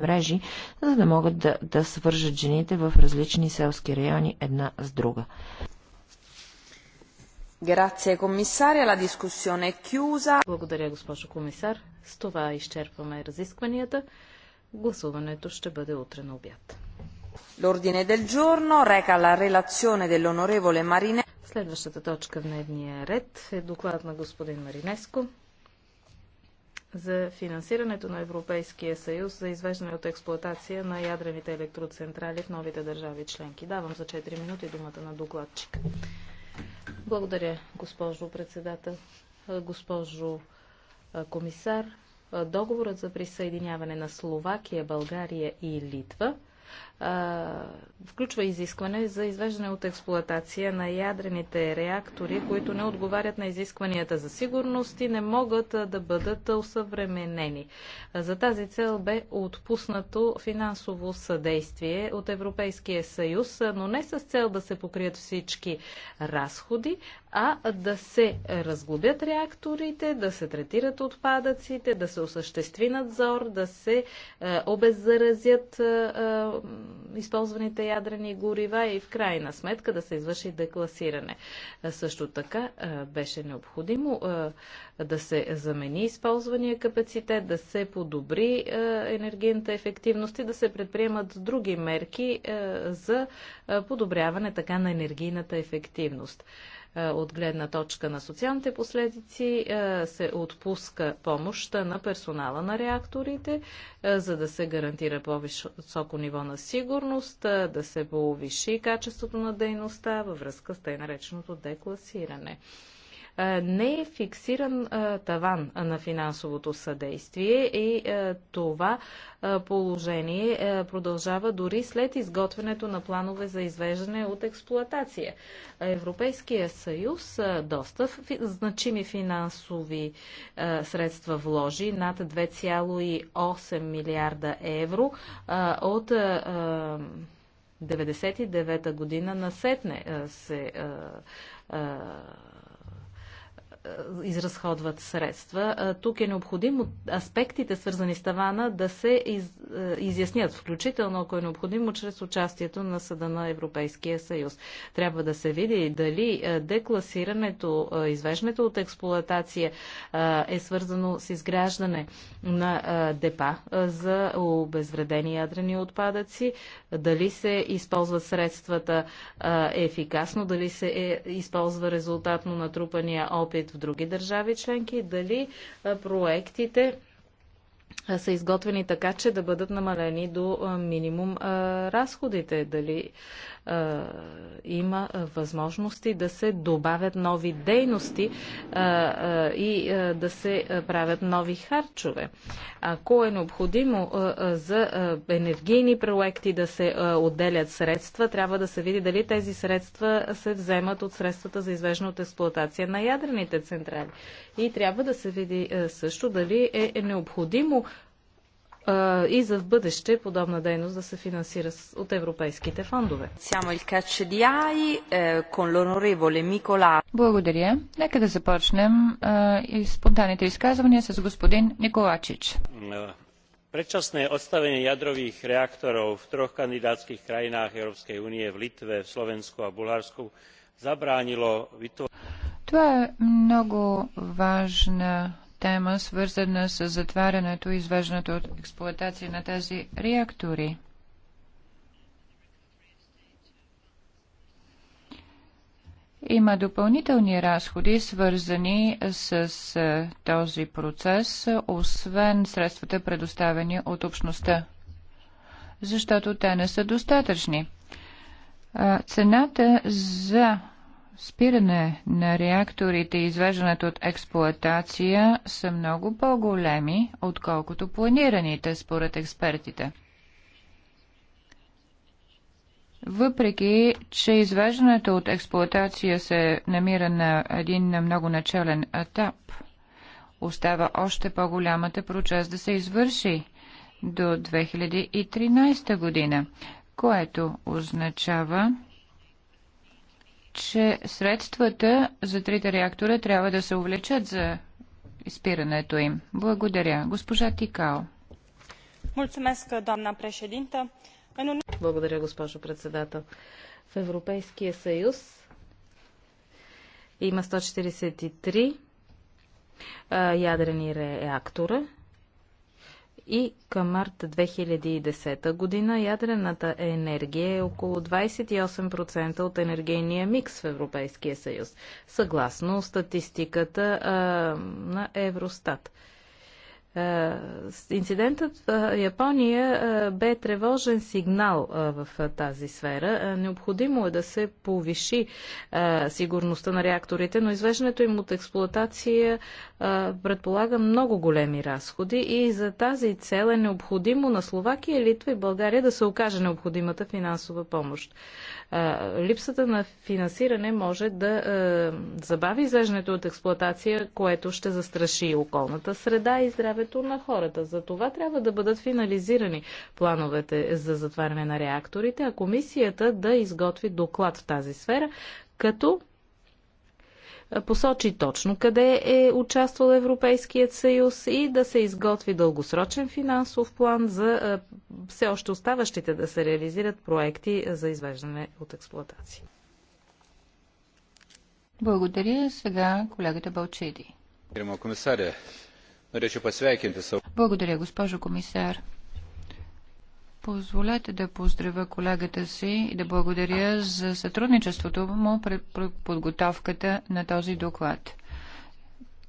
мрежи, за да могат да, да свържат жените в различни селски райони една с друга. Е Благодаря, госпожо комисар. С това изчерпваме разискванията. Гласуването ще бъде утре на обяд. Следващата точка в дневния ред е доклад на господин Маринеско за финансирането на Европейския съюз за извеждане от експлоатация на ядрените електроцентрали в новите държави членки. Давам за 4 минути думата на докладчик. Благодаря, госпожо председател, госпожо комисар. Договорът за присъединяване на Словакия, България и Литва – включва изискване за извеждане от експлоатация на ядрените реактори, които не отговарят на изискванията за сигурност и не могат да бъдат усъвременени. за тази цел бе отпуснато финансово съдействие от Европейския съюз, но не с цел да се покрият всички разходи, а да се разглобят реакторите, да се третират отпадъците, да се осъществи надзор, да се е, обеззаразят е, е използваните ядрени горива и в крайна сметка да се извърши декласиране. Е, също така е, беше необходимо да се замени използвания капацитет, да се подобри енергийната ефективност и да се предприемат други мерки за подобряване така на енергийната ефективност. Е, от гледна точка на социалните последици е, се отпуска помощта на персонала на реакторите, е, за да се гарантира по-високо ниво на сигурност, да се повиши качеството на дейността във връзка с тъй нареченото декласиране. Е, не е фиксиран е, таван на финансовото съдействие и е, това положение продължава дори след изготвянето на планове за извеждане от експлоатация. Европейския съюз доста значими финансови средства вложи над 2,8 милиарда евро от 99-та година на сетне се е, изразходват средства. Е, тук е необходимо аспектите, свързани с тавана, да се из, е, изяснят, включително ако е необходимо, чрез участието на Съда на Европейския съюз. Трябва да се види дали декласирането, извеждането от експлоатация е свързано с изграждане на депа за обезвредени ядрени отпадъци, дали се използват средствата ефикасно, дали се е, използва резултатно натрупания опит в други държави членки и дали проектите са изготвени така, че да бъдат намалени до минимум разходите. Дали има възможности да се добавят нови дейности и да се правят нови харчове. Ако е необходимо за енергийни проекти да се отделят средства, трябва да се види дали тези средства се вземат от средствата за извеждане от експлуатация на ядрените централи. И трябва да се види също дали е, е необходимо и за в бъдеще подобна дейност да се финансира от европейските фондове. Е, Благодаря. Нека да започнем и спонтанните изказвания с господин Николачич. Predčasné odstavenie jadrových reaktorov v troch kandidátskych krajinách Európskej únie v Litve, v Slovensku a Bulharsku zabránilo vytvoreniu. Това е много важна тема, свързана с затварянето и извеждането от експлуатация на тези реактори. Има допълнителни разходи, свързани с този процес, освен средствата предоставени от общността, защото те не са достатъчни. Цената за спиране на реакторите и извеждането от експлоатация са много по-големи, отколкото планираните според експертите. Въпреки, че извеждането от експлоатация се намира на един много начален етап, остава още по-голямата процес да се извърши до 2013 година, което означава, че средствата за трите реактора трябва да се увлечат за изпирането им. Благодаря. Госпожа Тикао. Благодаря, госпожо председател. В Европейския съюз има 143 ядрени реактора и към март 2010 година ядрената енергия е около 28% от енергийния микс в Европейския съюз, съгласно статистиката а, на Евростат. Е, инцидентът в е, Япония е, бе тревожен сигнал в тази сфера. Необходимо е да се повиши сигурността на реакторите, но извеждането им от експлуатация предполага много големи разходи и за тази цел е необходимо на Словакия, Литва и България да се окаже необходимата финансова помощ. Липсата на финансиране може да забави извеждането от експлуатация, което ще застраши околната среда и здравето здравето на хората. За това трябва да бъдат финализирани плановете за затваряне на реакторите, а комисията да изготви доклад в тази сфера, като посочи точно къде е участвал Европейският съюз и да се изготви дългосрочен финансов план за е, все още оставащите да се реализират проекти за извеждане от експлуатация. Благодаря. Сега колегата Балчиди. Благодаря, комисаря. Norėčiau pasveikinti savo. Благодаря, госпожо комисар. Позволете да поздравя колегата си и да благодаря за сътрудничеството му при подготовката на този доклад.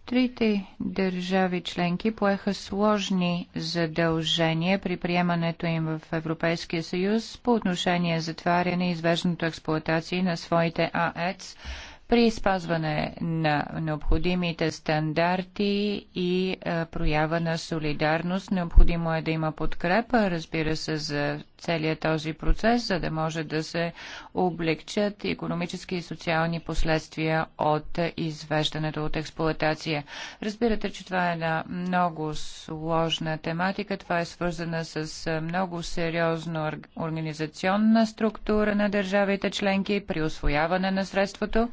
Трите държави членки поеха сложни задължения при приемането им в Европейския съюз по отношение затваряне и извеждането експлуатации на своите АЕЦ при спазване на необходимите стандарти и е, проява на солидарност. Необходимо е да има подкрепа, разбира се, за целият този процес, за да може да се облегчат економически и социални последствия от извеждането от експлоатация. Разбирате, че това е една много сложна тематика. Това е свързана с е, много сериозна организационна структура на държавите членки при освояване на средството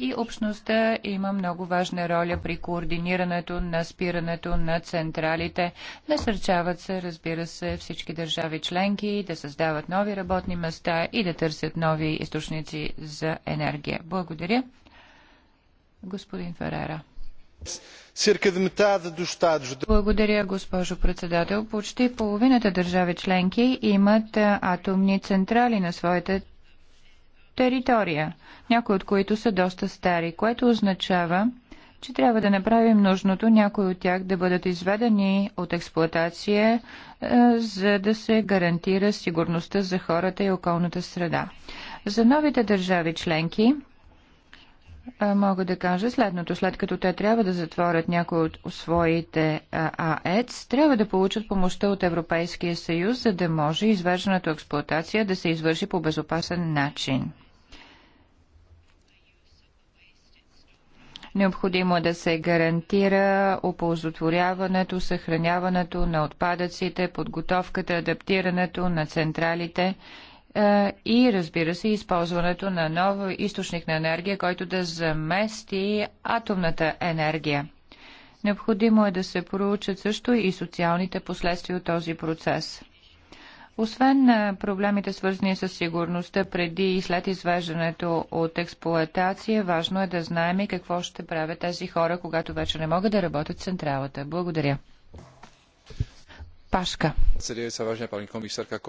и общността има много важна роля при координирането на спирането на централите. Насърчават се, разбира се, всички държави членки да създават нови работни места и да търсят нови източници за енергия. Благодаря. Господин Ферера. Благодаря, госпожо председател. Почти половината държави членки имат атомни централи на своите територия, някои от които са доста стари, което означава, че трябва да направим нужното някои от тях да бъдат изведени от експлоатация, е, за да се гарантира сигурността за хората и околната среда. За новите държави членки е, мога да кажа следното. След като те трябва да затворят някои от своите е, АЕЦ, трябва да получат помощта от Европейския съюз, за да може извеждането експлоатация да се извърши по безопасен начин. Необходимо е да се гарантира оползотворяването, съхраняването на отпадъците, подготовката, адаптирането на централите е, и разбира се използването на нов източник на енергия, който да замести атомната енергия. Необходимо е да се проучат също и социалните последствия от този процес. Освен проблемите свързани с сигурността преди и след извеждането от експлуатация, важно е да знаем и какво ще правят тези хора, когато вече не могат да работят в централата. Благодаря.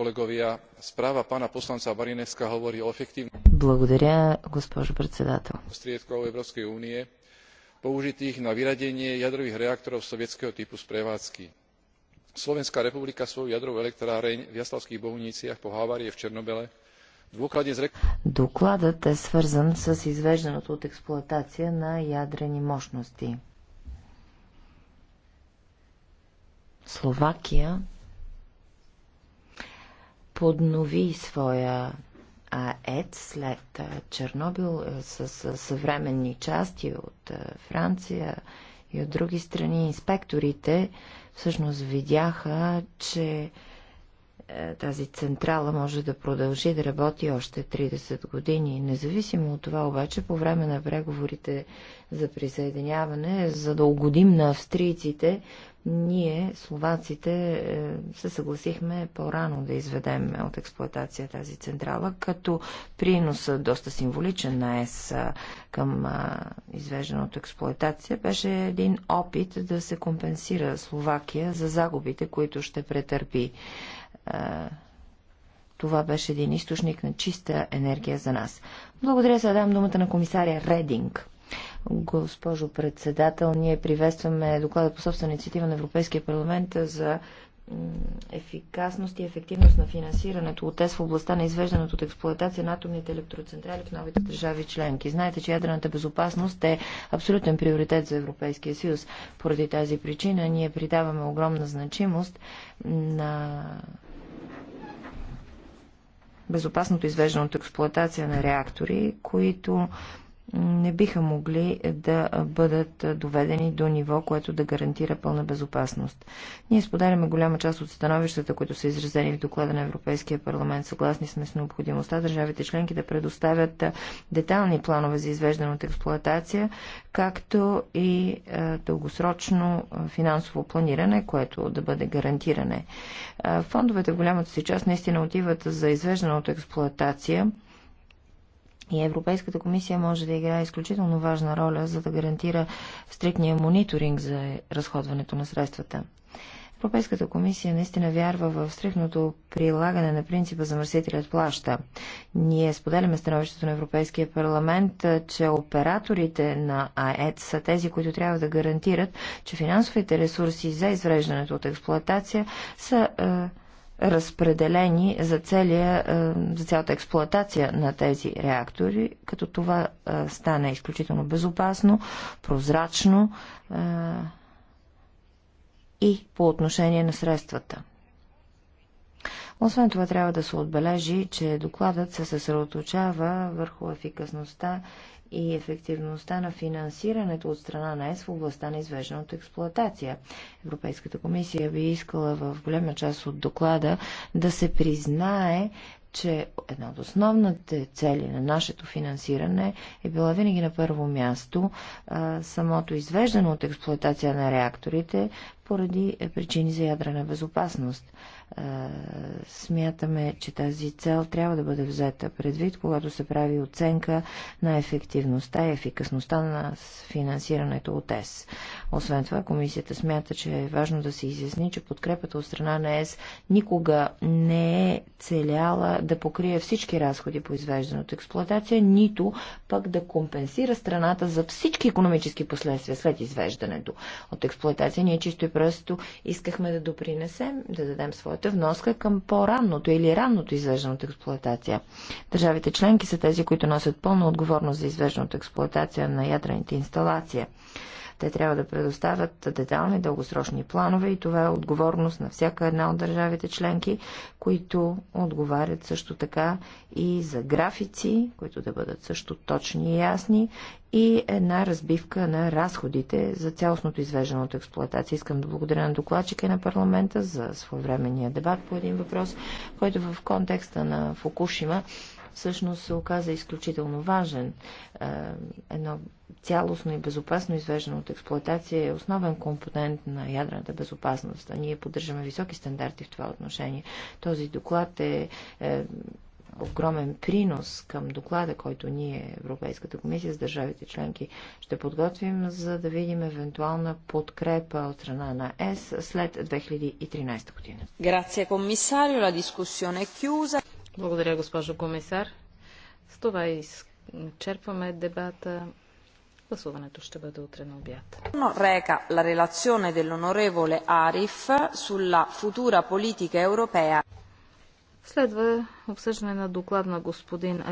колеговия. Справа пана посланца Marineska говори о ефективно... Благодаря, госпожо председател. ...prostriedkov Európskej уния, použitých na vyradenie jadrových reaktorov sovietskeho typu z prevádzky slovenská republika svoju jadrovú elektráreň v jaslovských bohuniciach po havárii v černobyle Докладът е свързан с извеждането от експлоатация на ядрени мощности. Словакия поднови своя ЕЦ след Чернобил с съвременни части от Франция, и от други страни инспекторите всъщност видяха, че е, тази централа може да продължи да работи още 30 години. Независимо от това обаче, по време на преговорите за присъединяване, за да угодим на австрийците, ние, словаците, е, се съгласихме по-рано да изведем от експлоатация тази централа, като приноса доста символичен на ЕС е, към извеждане от експлоатация беше един опит да се компенсира Словакия за загубите, които ще претърпи това беше един източник на чиста енергия за нас. Благодаря, сега дам думата на комисаря Рединг. Госпожо председател, ние приветстваме доклада по собствена инициатива на Европейския парламент за ефикасност и ефективност на финансирането от ЕС в областта на извеждането от експлуатация на атомните електроцентрали в новите държави членки. Знаете, че ядрената безопасност е абсолютен приоритет за Европейския съюз. Поради тази причина ние придаваме огромна значимост на безопасното извеждане от експлоатация на реактори, които не биха могли да бъдат доведени до ниво, което да гарантира пълна безопасност. Ние споделяме голяма част от становищата, които са изразени в доклада на Европейския парламент. Съгласни сме с необходимостта държавите членки да предоставят детални планове за извеждане от експлоатация, както и дългосрочно финансово планиране, което да бъде гарантиране. Фондовете в голямата си част наистина отиват за извеждане от експлоатация и Европейската комисия може да играе изключително важна роля, за да гарантира стриктния мониторинг за разходването на средствата. Европейската комисия наистина вярва в стрихното прилагане на принципа замърсителят плаща. Ние споделяме становището на Европейския парламент, че операторите на АЕЦ са тези, които трябва да гарантират, че финансовите ресурси за извреждането от експлоатация са е, разпределени за, целия, е, за цялата експлоатация на тези реактори, като това е, стане изключително безопасно, прозрачно е, и по отношение на средствата. Освен това трябва да се отбележи, че докладът се съсредоточава върху ефикасността и ефективността на финансирането от страна на ЕС в областта на извеждането експлоатация. Европейската комисия би искала в голяма част от доклада да се признае, че една от основните цели на нашето финансиране е била винаги на първо място а, самото извеждане от експлоатация на реакторите поради е, причини за ядрена безопасност. Е, смятаме, че тази цел трябва да бъде взета предвид, когато се прави оценка на ефективността и ефикасността на финансирането от ЕС. Освен това, комисията смята, че е важно да се изясни, че подкрепата от страна на ЕС никога не е целяла да покрие всички разходи по извеждане от експлуатация, нито пък да компенсира страната за всички економически последствия след извеждането от експлуатация. Ние чисто и просто искахме да допринесем, да дадем своята вноска към по-ранното или ранното извеждане от експлоатация. Държавите членки са тези, които носят пълна отговорност за извеждане от експлоатация на ядрените инсталации. Те трябва да предоставят детални дългосрочни планове и това е отговорност на всяка една от държавите членки, които отговарят също така и за графици, които да бъдат също точни и ясни и една разбивка на разходите за цялостното извеждане от експлуатация. Искам да благодаря на докладчика и на парламента за своевременния дебат по един въпрос, който в контекста на Фукушима всъщност се оказа изключително важен. Е, едно цялостно и безопасно извеждане от експлоатация е основен компонент на ядрената безопасност, а ние поддържаме високи стандарти в това отношение. Този доклад е, е огромен принос към доклада, който ние, Европейската комисия с държавите членки, ще подготвим, за да видим евентуална подкрепа от страна на ЕС след 2013 година. Grazie commissario, la discussione è chiusa. Благодаря, госпожо комисар. С това изчерпваме дебата. Гласуването ще бъде утре на обяд. Reca la relazione dell'onorevole Ариф sulla futura politica europea. Следва обсъждане на доклад на господин Ариф.